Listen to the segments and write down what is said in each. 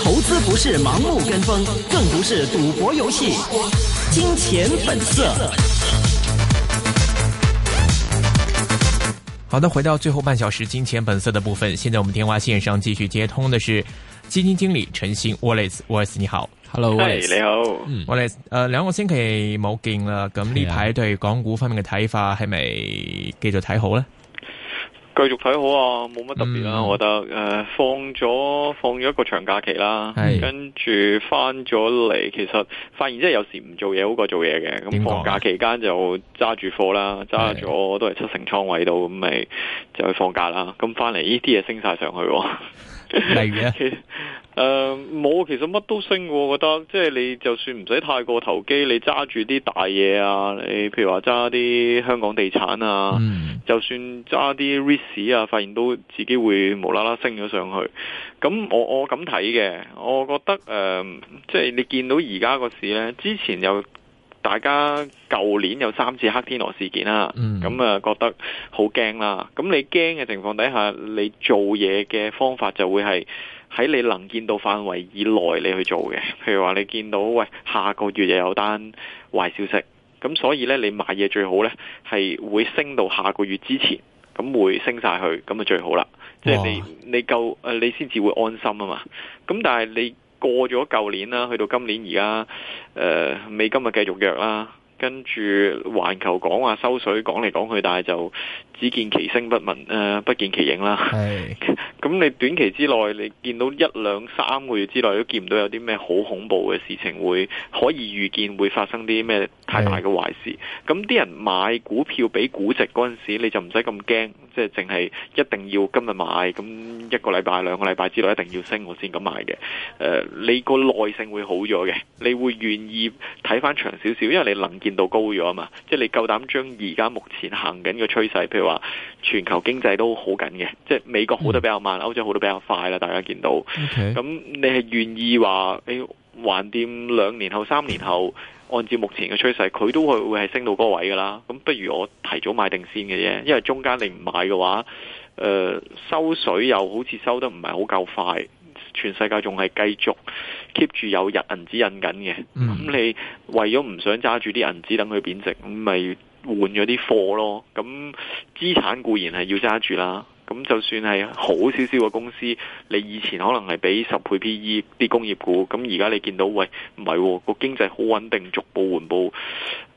投資不是盲目跟風，更不是賭博遊戲。金錢本色。好的，回到最後半小時金錢本色的部分。現在我們電話線上繼續接通的是基金經理陳昕 Wallace Wallace，你好，Hello，嗨，你好，Wallace。呃，兩個星期冇見喇。咁呢排對港股方面嘅睇法係咪繼續睇好咧？繼續睇好啊，冇乜特別啦、嗯，我覺得誒、呃、放咗放咗一個長假期啦，跟住翻咗嚟，其實發現即係有時唔做嘢好過做嘢嘅，咁、啊、放假期間就揸住貨啦，揸咗都係七成倉位度，咁咪就去放假啦，咁翻嚟呢啲嘢升晒上去、啊。係 嘅，冇、呃，其實乜都升，我覺得，即係你就算唔使太過投機，你揸住啲大嘢啊，你譬如話揸啲香港地產啊，嗯、就算揸啲 risk 啊，發現都自己會無啦啦升咗上去。咁我我咁睇嘅，我覺得誒、呃，即係你見到而家個市呢，之前又。大家舊年有三次黑天鵝事件啦，咁、嗯、啊覺得好驚啦。咁你驚嘅情況底下，你做嘢嘅方法就會係喺你能見到範圍以內你去做嘅。譬如話你見到喂，下個月又有單壞消息，咁所以呢，你買嘢最好呢係會升到下個月之前，咁會升晒去，咁就最好啦。即係你你夠誒，你先至會安心啊嘛。咁但係你。過咗舊年啦，去到今年而家，誒、呃，美金咪繼續弱啦，跟住環球講話收水，講嚟講去，但係就只見其聲不聞誒、呃，不見其影啦。係，咁 你短期之內，你見到一兩三個月之內都見唔到有啲咩好恐怖嘅事情會可以預見會發生啲咩？太大嘅壞事，咁啲人買股票比股值嗰陣時候，你就唔使咁驚，即係淨係一定要今日買，咁一個禮拜兩個禮拜之內一定要升，我先咁買嘅。誒、呃，你個耐性會好咗嘅，你會願意睇翻長少少，因為你能見到高咗嘛，即你夠膽將而家目前行緊嘅趨勢，譬如話全球經濟都好緊嘅，即係美國好得比較慢，嗯、歐洲好得比較快啦，大家見到。咁、okay. 你係願意話，你還掂兩年後、三年後？ 按照目前嘅趨勢，佢都會係升到嗰個位噶啦。咁不如我提早買定先嘅啫，因為中間你唔買嘅話，誒、呃、收水又好似收得唔係好夠快。全世界仲係繼續 keep 住有日銀紙印緊嘅，咁、嗯、你為咗唔想揸住啲銀紙等佢貶值，咁咪換咗啲貨咯。咁資產固然係要揸住啦。咁就算係好少少嘅公司，你以前可能係俾十倍 P/E 啲工業股，咁而家你見到喂唔係個經濟好穩定，逐步緩步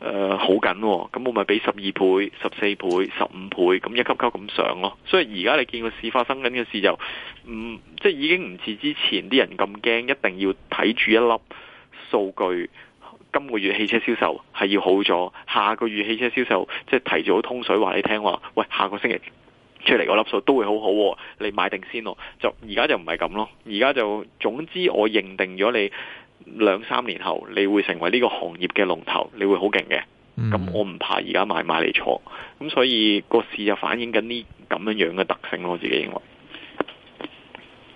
誒好、呃、緊、哦，咁我咪俾十二倍、十四倍、十五倍，咁一級級咁上咯。所以而家你見個市發生緊嘅事就唔即係已經唔似之前啲人咁驚，一定要睇住一粒數據。今個月汽車銷售係要好咗，下個月汽車銷售即係、就是、提早通水話你聽話，喂下個星期。 出嚟個粒數都會好好、啊，你買定先咯。就而家就唔係咁咯，而家就總之我認定咗你兩三年後你會成為呢個行業嘅龍頭，你會好勁嘅。咁我唔怕而家買賣嚟錯。咁所以個市就反映緊呢咁樣樣嘅特性咯，我自己認為。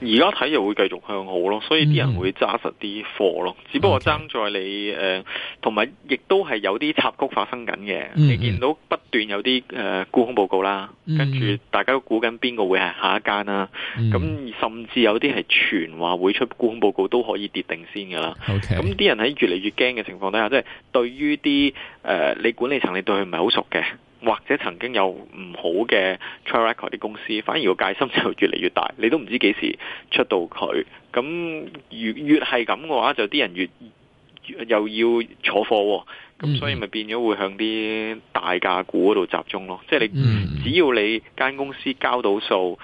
而家睇又會繼續向好咯，所以啲人會揸實啲貨咯。Mm-hmm. 只不過爭在你誒，同埋亦都係有啲插曲發生緊嘅。Mm-hmm. 你見到不斷有啲誒、呃、沽空報告啦，mm-hmm. 跟住大家都估緊邊個會係下一間啦。咁、mm-hmm. 甚至有啲係傳話會出沽空報告都可以跌定先噶啦。咁、okay. 啲人喺越嚟越驚嘅情況底下，即、就、係、是、對於啲誒、呃、你管理層，你對佢唔係好熟嘅。或者曾經有唔好嘅 track record 啲公司，反而個戒心就越嚟越大，你都唔知幾時出到佢。咁越越係咁嘅話，就啲人越，越又要坐貨，哦，咁所以咪變咗會向啲大價股嗰度集中咯。即係你只要你間公司交到數，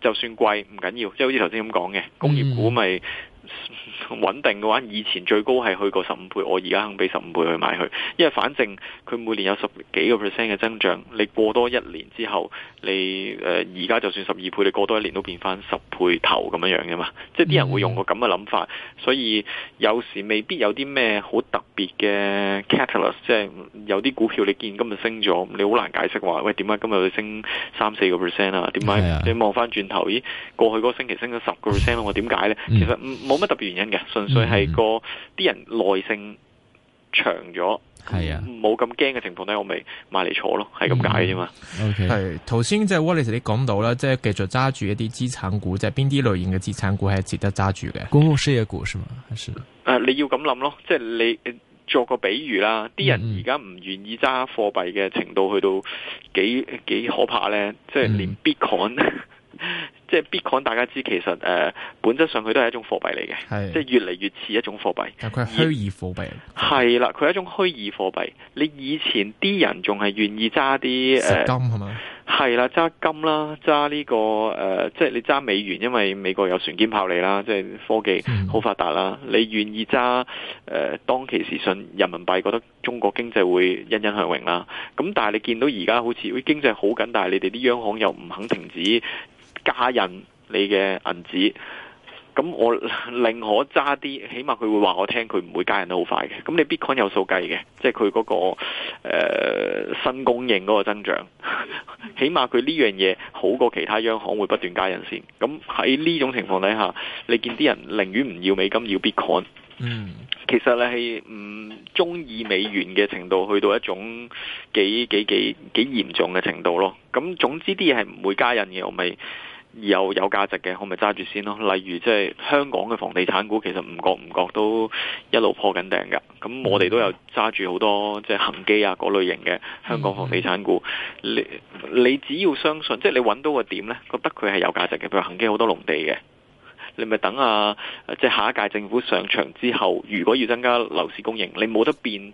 就算貴唔緊要，即係好似頭先咁講嘅工業股咪、就是。穩定嘅話，以前最高係去過十五倍，我而家肯俾十五倍去買佢，因為反正佢每年有十幾個 percent 嘅增長，你過多一年之後，你誒而家就算十二倍，你過多一年都變翻十倍頭咁樣樣嘅嘛，即係啲人會用個咁嘅諗法、嗯，所以有時未必有啲咩好特別嘅 catalyst，即係有啲股票你見今日升咗，你好難解釋話，喂點解今日會升三四個 percent 啊？點解？你望翻轉頭，咦過去嗰個星期升咗十個 percent 我點解呢？其實冇乜特別原因。嘅純粹係個啲、嗯、人耐性長咗，係啊，冇咁驚嘅情況咧，我咪買嚟坐咯，係咁解嘅啫嘛。OK，係頭先即係 Wallace 你講到啦，即係繼續揸住一啲資產股，即係邊啲類型嘅資產股係值得揸住嘅？公共事業股係嘛？係啊。誒，你要咁諗咯，即係你作個比喻啦，啲人而家唔願意揸貨幣嘅程度去到幾幾可怕咧，即係連 Bitcoin、嗯。呵呵即係 Bitcoin，大家知其實誒、呃，本質上佢都係一種貨幣嚟嘅，即係越嚟越似一種貨幣。佢虛擬貨幣係啦，佢係一種虛擬貨幣。你以前啲人仲係願意揸啲誒金係嘛？係、呃、啦，揸金啦，揸呢、這個誒、呃，即係你揸美元，因為美國有船堅炮利啦，即係科技好發達啦，嗯、你願意揸誒、呃、當其時信人民幣，覺得中國經濟會欣欣向榮啦。咁但係你見到而家好似經濟好緊，但係你哋啲央行又唔肯停止。加印你嘅銀紙，咁我寧可揸啲，起碼佢會話我聽，佢唔會加印得好快嘅。咁你 Bitcoin 有數計嘅，即係佢嗰個、呃、新供應嗰個增長，起碼佢呢樣嘢好過其他央行會不斷加印先。咁喺呢種情況底下，你見啲人寧願唔要美金，要 Bitcoin。嗯，其實你係唔中意美元嘅程度，去到一種幾幾幾幾嚴重嘅程度咯。咁總之啲嘢係唔會加印嘅，我咪有有價值嘅，我咪揸住先咯。例如即係、就是、香港嘅房地產股，其實唔覺唔覺都一路破緊頂㗎。咁我哋都有揸住好多即係恒基啊嗰類型嘅香港房地產股。你你只要相信，即、就、係、是、你揾到個點呢，覺得佢係有價值嘅。譬如恒基好多農地嘅。你咪等啊！即係下一屆政府上場之後，如果要增加樓市供應，你冇得變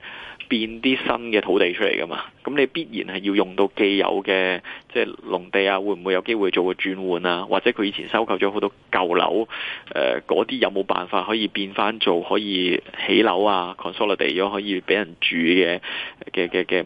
變啲新嘅土地出嚟噶嘛？咁你必然係要用到既有嘅即係農地啊？會唔會有機會做個轉換啊？或者佢以前收購咗好多舊樓，誒嗰啲有冇辦法可以變翻做可以起樓啊？Consolidate 咗可以俾人住嘅嘅嘅嘅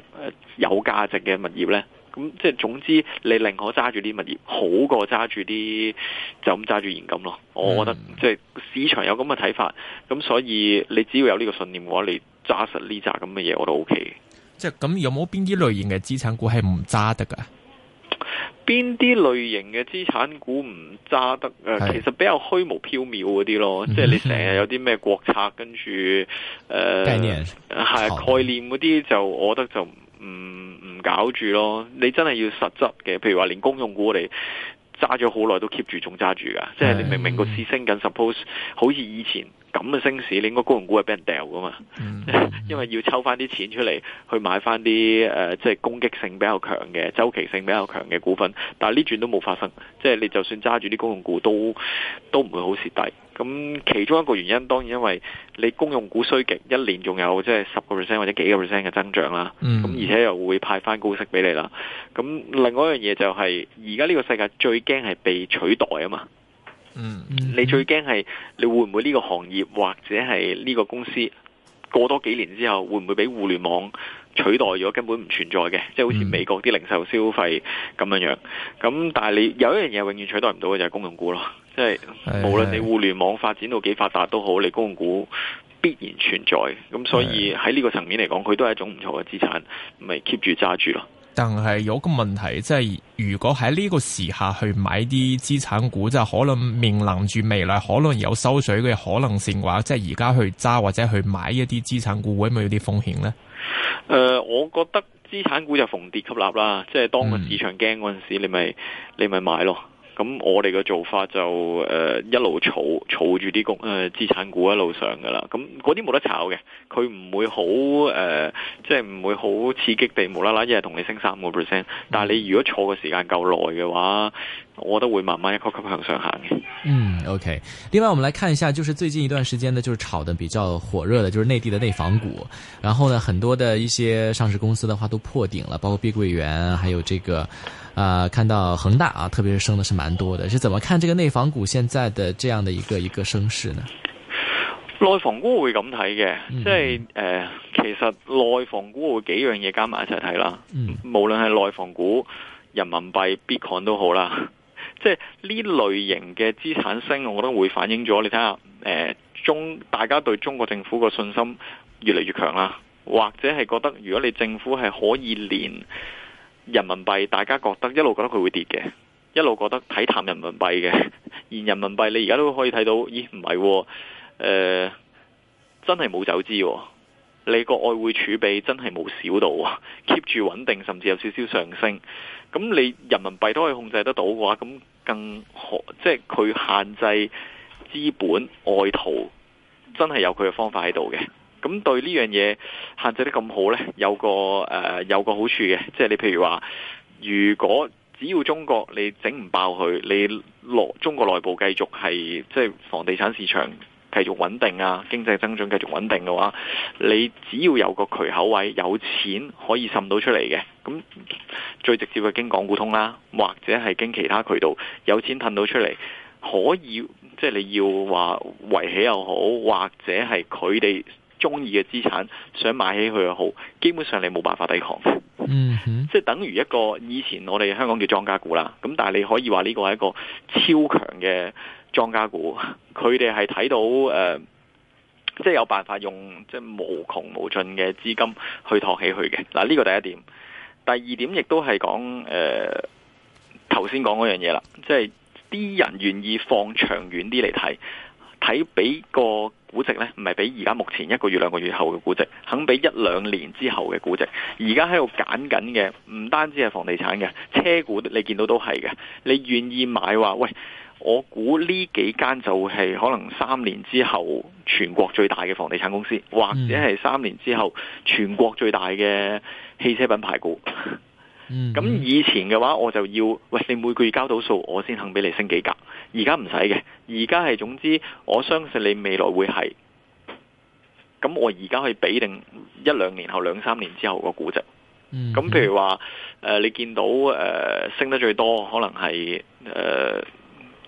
有價值嘅物業呢？咁即係總之，你寧可揸住啲物業，好過揸住啲就咁揸住現金咯。我覺得即係市場有咁嘅睇法，咁所以你只要有呢個信念嘅話，你揸實呢扎咁嘅嘢，我都 OK 嘅。即係咁，有冇邊啲類型嘅資產股係唔揸得㗎？邊啲類型嘅資產股唔揸得？誒，其實比較虛無縹緲嗰啲咯，嗯、即係你成日有啲咩國策，跟住誒、呃、概念係概念嗰啲，就我覺得就。唔、嗯、唔搞住咯，你真係要實質嘅，譬如話連公用股你揸咗好耐都 keep 住仲揸住噶，即係你明明個市升緊 suppose 好似以前。咁嘅升市，你應該公用股係俾人掉噶嘛？Mm. 因為要抽翻啲錢出嚟去買翻啲誒即係攻擊性比較強嘅、周期性比較強嘅股份。但係呢轉都冇發生，即係你就算揸住啲公用股都都唔會好蝕底。咁其中一個原因，當然因為你公用股衰極，一年仲有即係十個 percent 或者幾個 percent 嘅增長啦。咁、mm. 而且又會派翻高息俾你啦。咁另外一樣嘢就係而家呢個世界最驚係被取代啊嘛。嗯，嗯，你最驚係你會唔會呢個行業或者係呢個公司過多幾年之後，會唔會俾互聯網取代咗根本唔存在嘅？即係好似美國啲零售消費咁樣樣。咁、嗯、但係你有一樣嘢永遠取代唔到嘅就係公用股咯。即係無論你互聯網發展到幾發達都好，你公用股必然存在。咁所以喺呢個層面嚟講，佢都係一種唔錯嘅資產，咪 keep 住揸住咯。但係有個問題，即係如果喺呢個時下去買啲資產股，就可能面臨住未來可能有收水嘅可能性嘅話，即係而家去揸或者去買一啲資產股，會唔會有啲風險呢？誒、呃，我覺得資產股就逢跌吸納啦，即係當個市場驚嗰陣時、嗯，你咪你咪買咯。咁我哋嘅做法就誒、呃、一路儲儲住啲公誒資產股一路上噶啦，咁嗰啲冇得炒嘅，佢唔會好誒，即係唔會好刺激地無啦啦一日同你升三個 percent，但係你如果坐嘅時間夠耐嘅話，我都會慢慢一級級向上行。嗯，OK。另外，我哋來看一下，就是最近一段時間呢，就是炒得比較火熱嘅，就是內地嘅內房股，然後呢，很多嘅一些上市公司嘅話都破頂了，包括碧桂園，還有這個。啊、呃，看到恒大啊，特別是升的是蠻多的，是怎麼看這個內房股現在的這樣的一個一個升勢呢？內房股會咁睇嘅，即係誒、呃，其實內房股會幾樣嘢加埋一齊睇啦、嗯。無論係內房股、人民幣、b i 都好啦，即係呢類型嘅資產升，我覺得會反映咗你睇下，誒、呃、中大家對中國政府個信心越嚟越強啦，或者係覺得如果你政府係可以連。人民幣大家覺得一路覺得佢會跌嘅，一路覺得睇淡人民幣嘅，而人民幣你而家都可以睇到，咦唔係，誒、呃、真係冇走資，你個外匯儲備真係冇少到，keep 住穩定，甚至有少少上升。咁你人民幣都可以控制得到嘅話，咁更可即係佢限制資本外逃，真係有佢嘅方法喺度嘅。咁對呢樣嘢限制得咁好呢？有個、呃、有個好處嘅，即係你譬如話，如果只要中國你整唔爆佢，你中國內部繼續係即係房地產市場繼續穩定啊，經濟增長繼續穩定嘅話，你只要有個渠口位，有錢可以滲到出嚟嘅，咁最直接嘅經港股通啦，或者係經其他渠道有錢褪到出嚟，可以即係你要話圍起又好，或者係佢哋中意嘅資產，想買起佢又好，基本上你冇辦法抵抗嘅。嗯，即係等於一個以前我哋香港叫莊家股啦。咁但係你可以話呢個係一個超強嘅莊家股，佢哋係睇到誒，即、呃、係、即係、有辦法用即係、即係、無窮無盡嘅資金去托起佢嘅。嗱、呃、呢、呢個第一點，第二點亦都係講誒頭先講嗰樣嘢啦，即係啲人願意放長遠啲嚟睇。喺俾個估值呢，唔係俾而家目前一個月兩個月後嘅估值，肯俾一兩年之後嘅估值。而家喺度揀緊嘅，唔單止係房地產嘅車股，你見到都係嘅。你願意買話，喂，我估呢幾間就係可能三年之後全國最大嘅房地產公司，或者係三年之後全國最大嘅汽車品牌股。咁以前嘅話，我就要喂你每個月交到數，我先肯俾你升幾格。而家唔使嘅，而家係總之，我相信你未來會係。咁我而家可以俾定一兩年後兩三年之後個估值。咁譬如話誒、呃，你見到誒、呃、升得最多可能係誒、即、呃、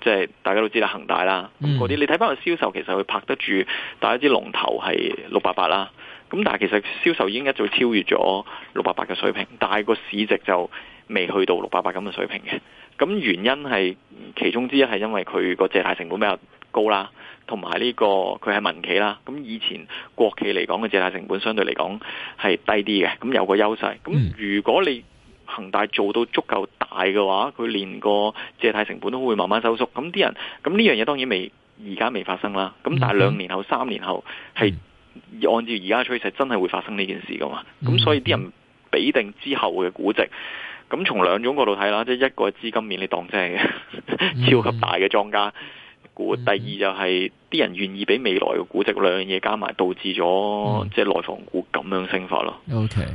係、就是、大家都知啦，恒大啦嗰啲。你睇翻個銷售，其實佢拍得住，但一啲龍頭係六八八啦。咁但係其實銷售已經一早超越咗六百八嘅水平，但係個市值就未去到六百八咁嘅水平嘅。咁原因係其中之一係因為佢個借貸成本比較高啦，同埋呢個佢係民企啦。咁以前國企嚟講嘅借貸成本相對嚟講係低啲嘅，咁有個優勢。咁如果你恒大做到足夠大嘅話，佢連個借貸成本都會慢慢收縮。咁啲人咁呢樣嘢當然未而家未發生啦。咁但係兩年後三年後係。按照而家趨勢，真係會發生呢件事噶嘛？咁、嗯、所以啲人俾定之後嘅估值，咁從兩種角度睇啦，即、就、係、是、一個資金面你當真係、嗯、超級大嘅莊家股、嗯，第二就係啲人願意俾未來嘅估值，兩樣嘢加埋導致咗、嗯、即係內房股咁樣升法咯。OK，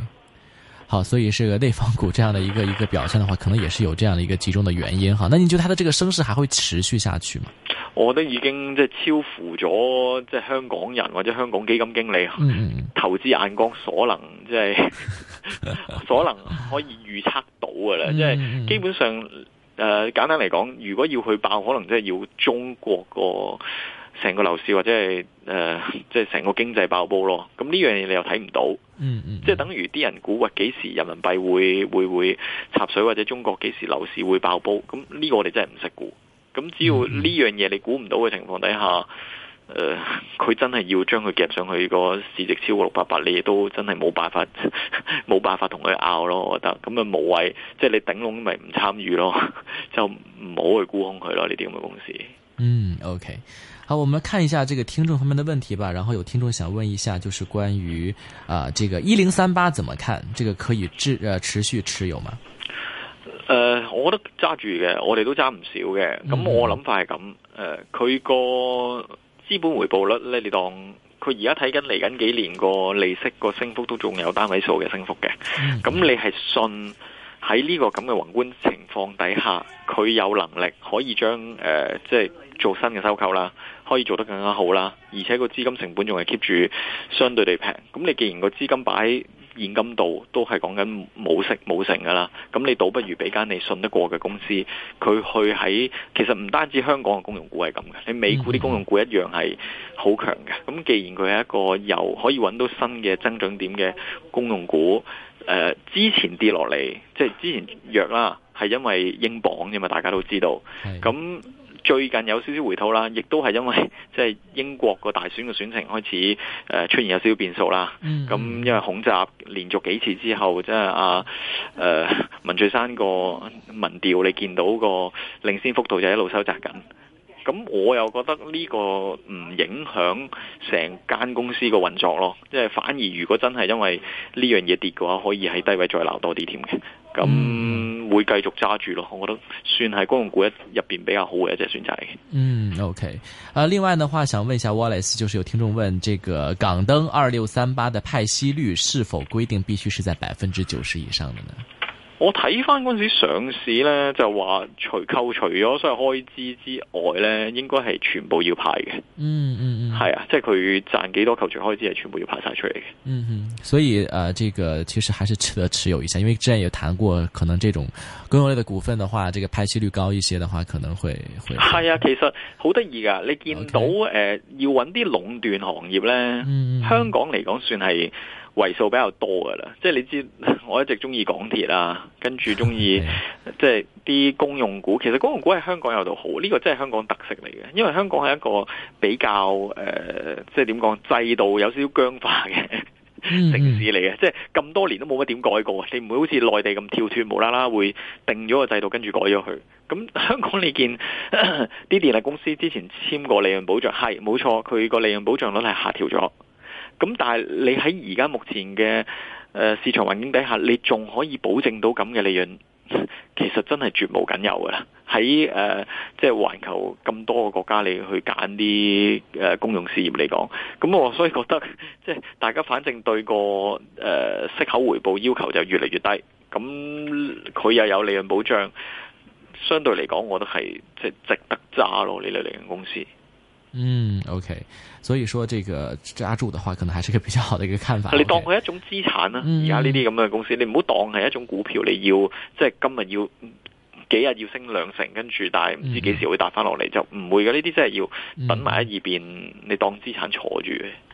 好，所以是內房股這樣的一個一個表現的話，可能也是有這樣的一個集中的原因。哈，那你覺得它的這個升勢還會持續下去嗎？我覺得已經即係超乎咗即係香港人或者香港基金經理投資眼光所能即係所能可以預測到嘅啦，即係基本上誒、呃、簡單嚟講，如果要去爆，可能即係要中國個成個樓市或者係誒即係成個經濟爆煲咯。咁呢樣嘢你又睇唔到，即係等於啲人估或幾時人民幣會會會插水，或者中國幾時樓市會爆煲。咁、這、呢個我哋真係唔識估。咁、嗯、只要呢樣嘢你估唔到嘅情況底下，誒、呃，佢真係要將佢夾上去個市值超過六百八，你亦都真係冇辦法，冇 辦法同佢拗咯。我覺得咁啊，無謂，即係你頂籠咪唔參與咯，就唔好去沽空佢咯。呢啲咁嘅公司。嗯，OK，好，我們看一下這個聽眾方面的問題吧。然後有聽眾想問一下，就是關於啊、呃，這個一零三八怎麼看？這個可以持誒、呃、持續持有嗎？誒、uh，我覺得揸住嘅，我哋都揸唔少嘅。咁我諗法係咁，誒，佢個資本回報率咧，你當佢而家睇緊嚟緊幾年個利息個升幅都仲有單位數嘅升幅嘅。咁你係信喺呢個咁嘅宏觀情況底下，佢有能力可以將誒，uh，即係做新嘅收購啦，可以做得更加好啦。而且個資金成本仲係 keep 住相對地平。咁你既然個資金擺。現金度都係講緊冇息冇成噶啦。咁你倒不如俾間你信得過嘅公司，佢去喺。其實唔單止香港嘅公用股係咁嘅，你美股啲公用股一樣係好強嘅。咁既然佢係一個有可以揾到新嘅增長點嘅公用股，誒、呃、之前跌落嚟，即係之前弱啦，係因為英鎊啫嘛，大家都知道，咁最近有少少回吐啦，亦都係因為即係英國個大選嘅選情開始誒出現有少少變數啦。咁因為恐襲連續幾次之後，即係阿文翠珊個民調，你見到個領先幅度就一路收窄緊。咁我又覺得呢個唔影響成間公司個運作咯，即係反而如果真係因為呢樣嘢跌嘅話，可以喺低位再撈多啲添嘅。咁、嗯、會繼續揸住咯，我覺得算係公用股一入邊比較好嘅一隻選擇嘅。嗯，OK。啊，另外嘅話，想問一下 Wallace，就是有聽眾問，這個港燈二六三八的派息率是否規定必須是在百分之九十以上的呢？我睇翻嗰陣時上市咧，就話除扣除咗所有開支之外咧，應該係全部要派嘅。嗯嗯嗯，係啊，即係佢賺幾多扣除開支係全部要派晒出嚟嘅。嗯哼，所以啊、呃，這個其實還是持得持有一下，因為之前有談過，可能這種公用類的股份的話，這個派息率高一些的話，可能會會。係啊，其實好得意㗎，你見到誒、okay. 呃、要搵啲壟斷行業咧、嗯，香港嚟講算係。為數比較多噶啦，即係你知我一直中意港鐵啦、啊，跟住中意即係啲公用股。其實公用股喺香港有度好，呢個真係香港特色嚟嘅。因為香港係一個比較誒、呃，即係點講，制度有少少僵化嘅城市嚟嘅。嗯嗯，即係咁多年都冇乜點改過，你唔會好似內地咁跳脫，無啦啦會定咗個制度跟住改咗佢。咁香港你見啲電力公司之前簽過利潤保障，係冇錯，佢個利潤保障率係下調咗。咁但係你喺而家目前嘅市場環境底下，你仲可以保證到咁嘅利潤，其實真係絕無僅有噶啦。喺即係環球咁多個國家，你去揀啲公用事業嚟講，咁我所以覺得即係大家反正對個誒息口回報要求就越嚟越低，咁佢又有利潤保障，相對嚟講，我都係即係值得揸咯呢類利潤公司。嗯，OK，所以說這個揸住的話，可能還是個比較好的一個看法。Okay. 你當佢一種資產啦，啊，而家呢啲咁樣嘅公司，你唔好當係一種股票，你要即係今日要幾日要升兩成，跟住但係唔知幾時會打翻落嚟，就唔會嘅。呢啲真係要等埋一二邊，嗯，你當資產坐住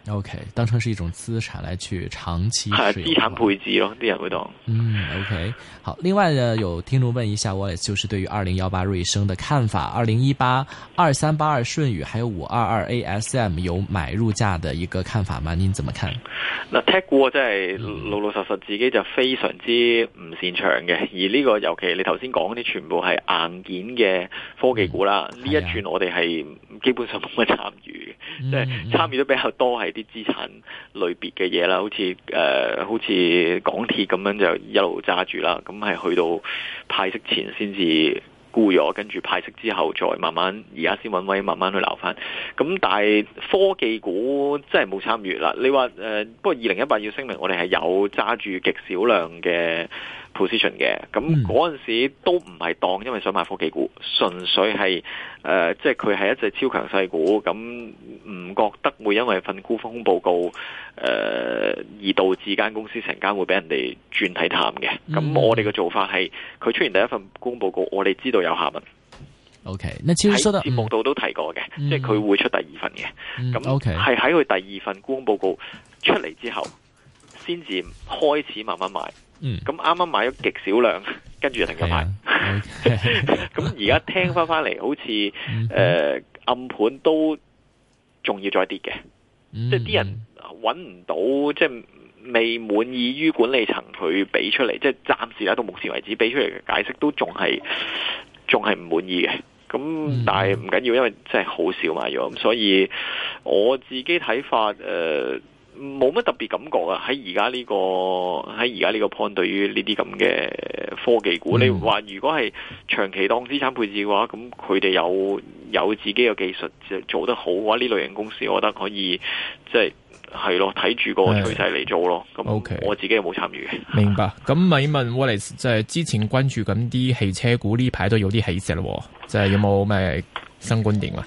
O.K. 當成是一種資產來去長期係資產配置咯，啲人會當。嗯，O.K. 好。另外呢，有聽眾問一下我，就是對於二零一八瑞聲的看法，二零一八二三八二舜宇，還有五二二 A.S.M 有買入價的一個看法嗎？您怎麼看？嗱，踢股真係、嗯、老老實實自己就非常之唔擅長嘅，而呢個尤其你頭先講啲全部係硬件嘅科技股啦，呢、嗯哎、一轉我哋係基本上冇乜參與嘅，即係參與得比較多係，啲資產類別嘅嘢啦，好似誒、呃，好似港鐵咁樣就一路揸住啦，咁係去到派息前先至沽咗，跟住派息之後再慢慢，而家先搵位，慢慢去撈翻。咁但係科技股真係冇參與啦。你話誒、呃，不過二零一八要聲明，我哋係有揸住極少量嘅。position 嘅咁嗰陣時都唔係當，因為想買科技股，純粹係誒，即係佢係一隻超強細股，咁唔覺得會因為份沽空報告誒、呃、而導致間公司成間會俾人哋轉體探嘅。咁我哋嘅做法係佢、嗯、出完第一份沽空報告，我哋知道有下文。O K.，喺節目度都提過嘅、嗯，即係佢會出第二份嘅。咁係喺佢第二份沽空報告出嚟之後，先至開始慢慢買。嗯，咁啱啱買咗極少量，跟住停咗牌。咁而家聽翻翻嚟， 好似誒、嗯呃、暗盤都仲要再跌嘅，即係啲人揾唔到，即、就、係、是、未滿意於管理層佢俾出嚟，即係暫時喺到目前為止俾出嚟嘅解釋都仲係仲係唔滿意嘅。咁、嗯、但係唔緊要，因為真係好少買咗，咁所以我自己睇法誒。呃冇乜特別感覺啊！喺而家呢個喺而家呢個 point，對於呢啲咁嘅科技股，你話如，如果係長期當資產配置嘅話，咁佢哋有有自己嘅技術，做做得好嘅話，呢類型公司，我覺得可以即係係咯，睇住個趨勢嚟做咯。咁 OK，我自己冇參與。Okay，明白。咁咪問 Wallace 即係之前關注緊啲汽車股，呢排都有啲起勢咯，即係有冇咩新觀點啊？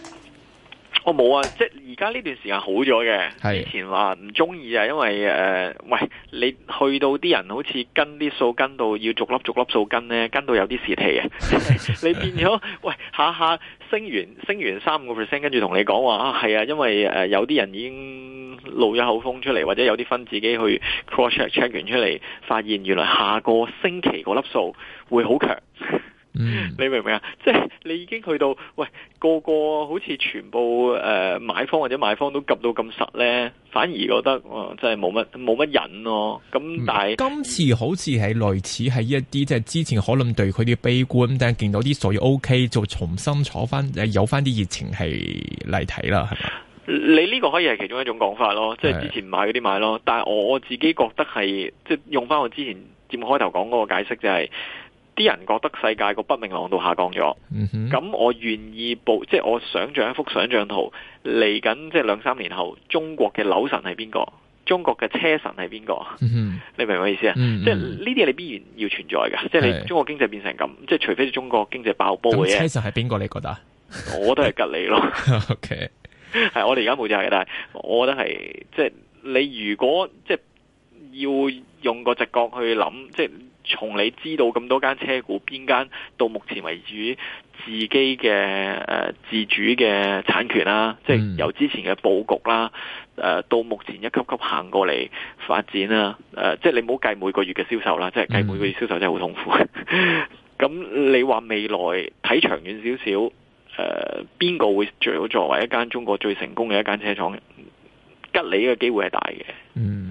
我、哦、冇啊！即係而家呢段時間好咗嘅，以前話唔中意啊，因為誒、呃，喂，你去到啲人好似跟啲數跟到要逐粒逐粒數跟咧，跟到有啲洩氣啊！ 你變咗，喂，下下升完升完三個 percent，跟住同你講話，係啊，啊，因為誒、呃、有啲人已經露咗口風出嚟，或者有啲分自己去 cross check check 完出嚟，發現原來下個星期嗰粒數會好強。嗯，你明唔明啊？即係你已經去到，喂個個好似全部誒、呃、買方或者買方都及到咁實咧，反而覺得即、呃、真係冇乜冇乜癮咯。咁、啊、但係、嗯、今次好似係類似係一啲，即係之前可能對佢啲悲觀，但係見到啲水 OK，就重新坐翻有翻啲熱情係嚟睇啦。係咪？你呢個可以係其中一種講法咯，即係之前買嗰啲買咯。但係我自己覺得係，即係用翻我之前節目開頭講嗰個解釋就係、是。啲人覺得世界個不明朗度下降咗，咁、嗯、我願意報，即、就、係、是、我想象一幅想象圖，嚟緊即係兩三年後，中國嘅樓神係邊個？中國嘅車神係邊個？你明唔明我意思啊？即係呢啲嘢你必然要存在㗎。即、就、係、是、你中國經濟變成咁，即係除非中國經濟爆煲嘅嘢。車神係邊個？你覺得？我都係吉利咯。 OK，係 我哋而家冇嘅，但係我覺得係即係你如果即係、就是、要用個直覺去諗，即係。從你知道咁多間車股，邊間到目前為止自己嘅誒、呃、自主嘅產權啦、啊，即係由之前嘅布局啦，誒、呃、到目前一級級行過嚟發展啦、啊，誒、呃、即係你唔好計每個月嘅銷售啦，即係計每個月銷售真係好痛苦。咁、嗯、 你話未來睇長遠少少，誒邊個會最好作為一間中國最成功嘅一間車廠？吉利嘅機會係大嘅。嗯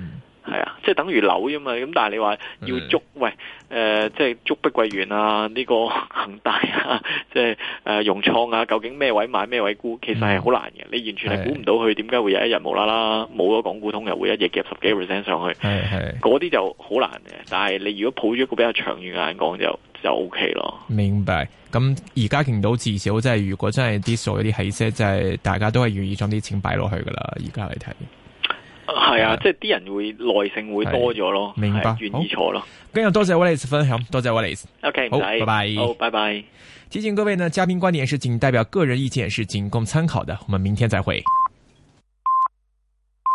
係啊，即係等於樓啫嘛，咁但係你話要捉、嗯、喂，誒、呃，即係捉碧桂元啊，呢、這個恒大啊，即係誒、呃、融創啊，究竟咩位買咩位估？其實係好難嘅、嗯，你完全係估唔到佢點解會有一日無啦啦冇咗港股通又會一夜夾十幾 e t 上去，係係，嗰啲就好難嘅。但係你如果抱住一個比較長遠嘅眼光就就 O K 咯。明白。咁而家見到至少即係如果真係啲所有啲色，即係，大家都係願意將啲錢擺落去噶啦，而家嚟睇。係啊，啊，即係啲人會耐性會多咗咯，明白，願意坐咯。今日、哦、多謝 Wallace 分享，多謝 Wallace，OK，好，拜拜。好，拜拜。提醒各位呢，嘉賓觀點是僅代表個人意見，是僅供參考的。我們明天再會。